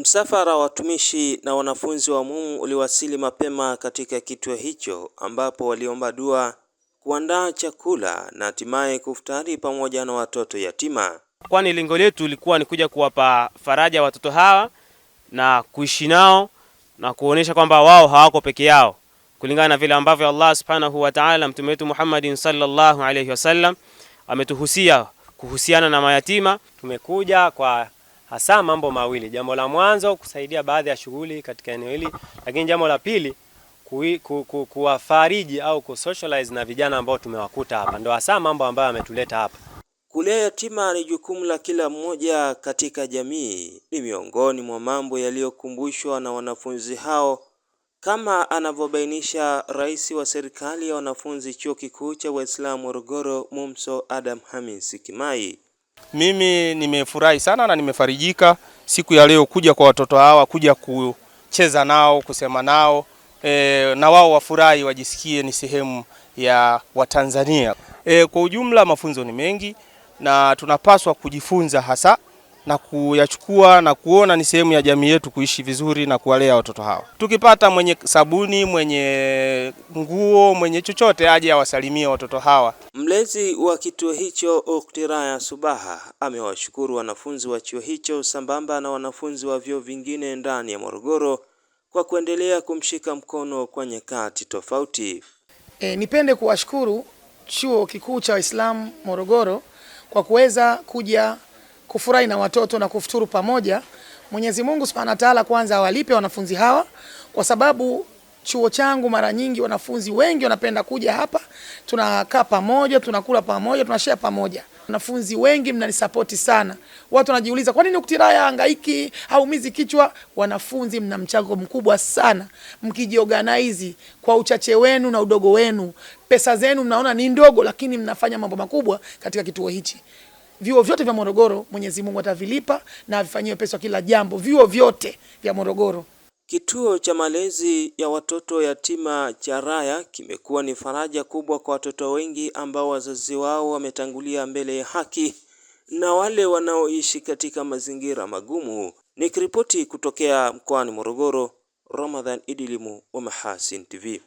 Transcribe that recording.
Msafara wa watumishi na wanafunzi wa MUM uliwasili mapema katika kituo hicho ambapo waliomba dua, kuandaa chakula na hatimaye kuftari pamoja na watoto yatima. Kwani lengo letu ilikuwa ni kuja kuwapa faraja watoto hawa na kuishi nao na kuonesha kwamba wao hawako peke yao kulingana na vile ambavyo Allah subhanahu wa ta'ala, mtume wetu Muhammad sallallahu alayhi wasallam ametuhusia kuhusiana na mayatima. Tumekuja kwa hasa mambo mawili. Jambo la mwanzo kusaidia baadhi ya shughuli katika eneo hili, lakini jambo la pili kuwafariji ku, ku, au kusocialize na vijana ambao tumewakuta hapa. Ndio hasa mambo ambayo ametuleta hapa. Kulea yatima ni jukumu la kila mmoja katika jamii, ni miongoni mwa mambo yaliyokumbushwa na wanafunzi hao, kama anavyobainisha rais wa serikali ya wanafunzi chuo kikuu cha Waislamu Morogoro, Mumso Adam Hamis Kimai. Mimi nimefurahi sana na nimefarijika siku ya leo kuja kwa watoto hawa, kuja kucheza nao, kusema nao e, na wao wafurahi, wajisikie ni sehemu ya Watanzania. E, kwa ujumla mafunzo ni mengi na tunapaswa kujifunza hasa na kuyachukua na kuona ni sehemu ya jamii yetu kuishi vizuri na kuwalea watoto hawa. Tukipata mwenye sabuni, mwenye nguo, mwenye chochote aje awasalimie watoto hawa. Mlezi wa kituo hicho Oktiraya Subaha amewashukuru wanafunzi wa chuo hicho sambamba na wanafunzi wa vyuo vingine ndani ya Morogoro kwa kuendelea kumshika mkono kwa nyakati tofauti. E, nipende kuwashukuru Chuo Kikuu cha Waislamu Morogoro kwa kuweza kuja kufurahi na watoto na kufuturu pamoja. Mwenyezi Mungu Subhanahu wa Ta'ala kwanza awalipe wanafunzi hawa, kwa sababu chuo changu mara nyingi wanafunzi wengi wanapenda kuja hapa, tunakaa pamoja, tunakula pamoja, tunashare pamoja. Wanafunzi wengi mnanisapoti sana. Watu wanajiuliza kwa nini ukitiraya hangaiki au mizi kichwa. Wanafunzi mna mchango mkubwa sana, mkijiorganize kwa uchache wenu na udogo wenu, pesa zenu mnaona ni ndogo, lakini mnafanya mambo makubwa katika kituo hichi vyuo vyote vya Morogoro Mwenyezi Mungu atavilipa na avifanyiwe pesa kila jambo, vyuo vyote vya Morogoro. Kituo cha malezi ya watoto yatima cha Raya kimekuwa ni faraja kubwa kwa watoto wengi ambao wazazi wao wametangulia mbele ya haki na wale wanaoishi katika mazingira magumu. Nikiripoti kutokea mkoani Morogoro, Ramadhan Idilimu wa Mahasin TV.